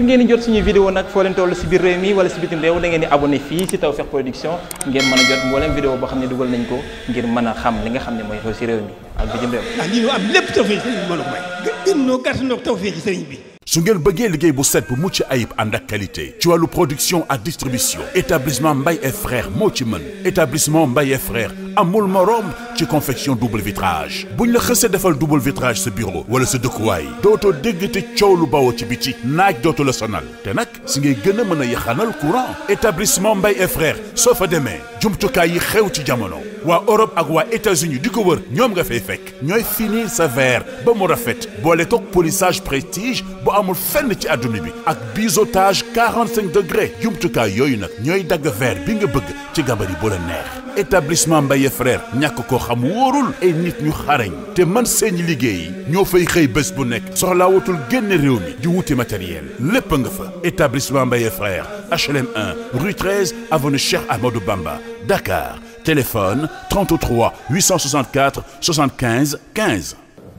ngir ngeen di jot suñuy vidéo nag foo leen toll si biir réew mi wala si bitim réew da ngeen di abonné fii si Tawfekh Production ngeen mën a jot mboolem vidéo boo xam ne dugal nañ ko ngir mën a xam li nga xam ne mooy xew si réew mi ak bitim réew. ndax ah, lii ñu am lépp Tawfekh sëriñ bi sëriñ bi. su ngeen bëggee liggéey bu set bu mucc ayib ànd ak qualité ci wàllu production à distribution établissement Mbaye et frères moo ci mën établissement mbay et frères amul morom ci confection double vitrage buñ la xësee defal double vitrage sa bureau wala sa dëkkuwaay dootoo dégg te coow lu bawoo ci biti naaj dootu la sonal te nag si ngay gën a mën a yaxanal courant établissement Mbaye et frères soo fa demee jumtukaay yi xew ci jamono waa Europe ak waa États-Unis di ko wër ñoom nga fay fekk ñooy finir sa ver ba mu rafet boole kook polissage prestige bu amul fenn ci àdduna bi ak biseautage 45 degrés jumtukaay yooyu nag ñooy dagg verre bi nga bëgg ci gabari bu la neex établissement Mbaye frère ñàkk koo xam wóorul ay nit ñu xarañ te man liggéey ñoo fay xëy bés bu nekk soxlaa wutul génn réew mi di wuti matériel lépp nga fa établissement Mbaye frère HLM 1 rue 13 avenue Cheikh Amadou Bamba Dakar téléphone 33 864 75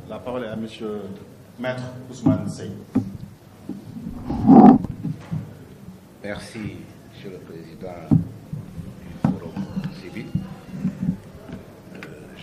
La parole est à monsieur Maître Ousmane Seye. Merci, monsieur le président.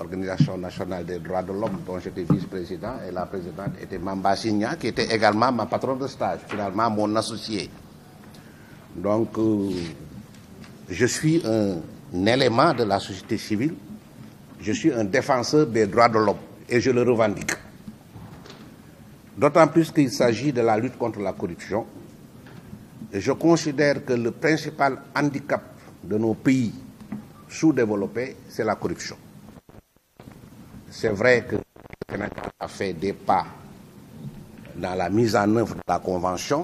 Organisation nationale des droits de l'homme, dont j'étais vice-président, et la présidente était Mamba Signa, qui était également ma patronne de stage, finalement mon associé. Donc, euh, je suis un, élément de la société civile, je suis un défenseur des droits de l'homme, et je le revendique. D'autant plus qu'il s'agit de la lutte contre la corruption. Et je considère que le principal handicap de nos pays sous-développés, c'est la corruption. c'est vrai que le Canada a fait des pas dans la mise en œuvre de la Convention,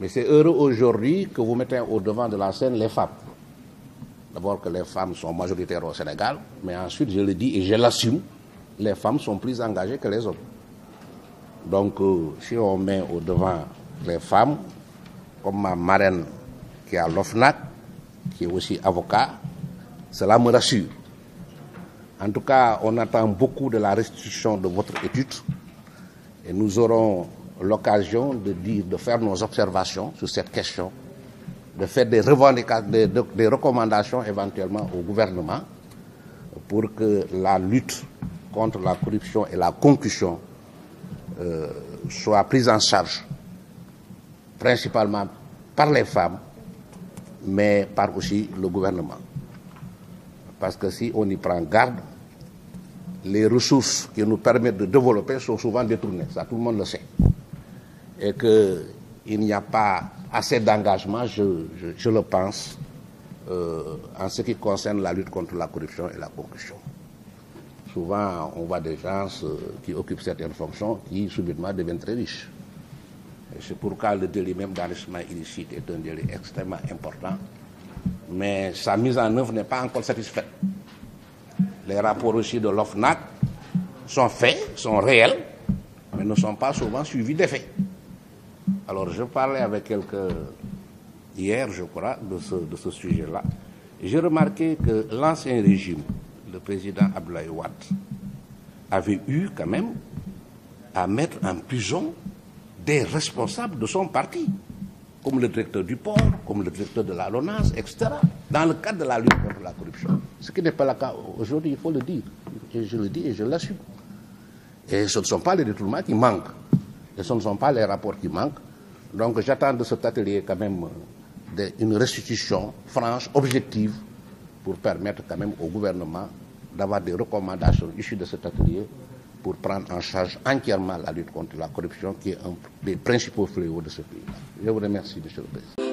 mais c'est heureux aujourd'hui que vous mettez au devant de la scène les femmes. D'abord que les femmes sont majoritaires au Sénégal, mais ensuite, je le dis et je l'assume, les femmes sont plus engagées que les hommes. Donc, euh, si on met au devant les femmes, comme ma marraine qui est à l'OFNAC, qui est aussi avocat, cela me rassure. En tout cas, on attend beaucoup de la restitution de votre étude et nous aurons l'occasion de dire, de faire nos observations sur cette question, de faire des, des, des recommandations éventuellement au gouvernement pour que la lutte contre la corruption et la concussion euh, soit prise en charge principalement par les femmes, mais par aussi le gouvernement. Parce que si on y prend garde, les ressources qui nous permettent de développer sont souvent détournées. Ça, tout le monde le sait. Et qu'il n'y a pas assez d'engagement, je, je, je, le pense, euh, en ce qui concerne la lutte contre la corruption et la concussion. Souvent, on voit des gens euh, qui occupent certaines fonctions qui subitement deviennent très riches. C'est pourquoi le délit même d'enrichissement illicite est un délit extrêmement important mais sa mise en œuvre n'est pas encore satisfaite. Les rapports aussi de l'OFNAC sont faits, sont réels, mais ne sont pas souvent suivis d'effets. Alors je parlais avec quelques hier, je crois, de ce, de ce sujet-là. J'ai remarqué que l'ancien régime, le président Abdoulaye Wade, avait eu quand même à mettre en prison des responsables de son parti. comme le directeur du port, comme le directeur de la LONAS, etc., dans le cadre de la lutte contre la corruption. Ce qui n'est pas le cas aujourd'hui, il faut le dire. Et je le dis et je l'assume. Et ce ne sont pas les détournements qui manquent. Et ce ne sont pas les rapports qui manquent. Donc j'attends de cet atelier quand même euh, de, une restitution franche, objective, pour permettre quand même au gouvernement d'avoir des recommandations issues de cet atelier pour prendre en charge entièrement la lutte contre la corruption qui est un des principaux fléaux de ce pays. Je vous remercie, monsieur le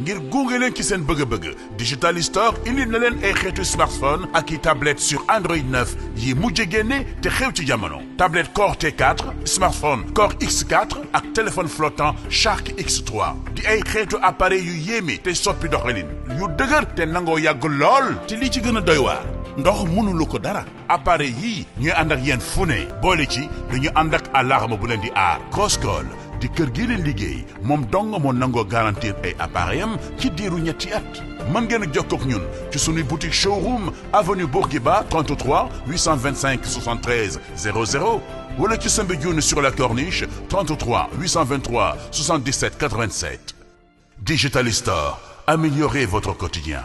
ngir gunge leen ci seen bëgg-bëgg Digital Store indi na leen ay xeetu smartphone ak i tablette sur Android 9 yi mujj génne te xew ci jamono tablette Core T4 smartphone Core X4 ak téléphone flottant Shark x di ay xeetu appareil yu yéeme te soppi doxalin yu dëgër te nangoo yàgg lool te ci gën a ndox mënulu ko dara appareil yii ñuy ànd ak yéen fu ne boole ci dañu ànd ak alarme bu leen di aar Crosscall di kër gi leen liggéey moom dong moo nangoo garantir ay appareil am ci diiru ñetti at mën ngeen a jokkoo kok ñun ci suñuy boutique showroom avenue Bourguiba 33 825 73 00 wala ci Soumbédioune sur la corniche 33 823 77 87 Digital Store améliorez votre quotidien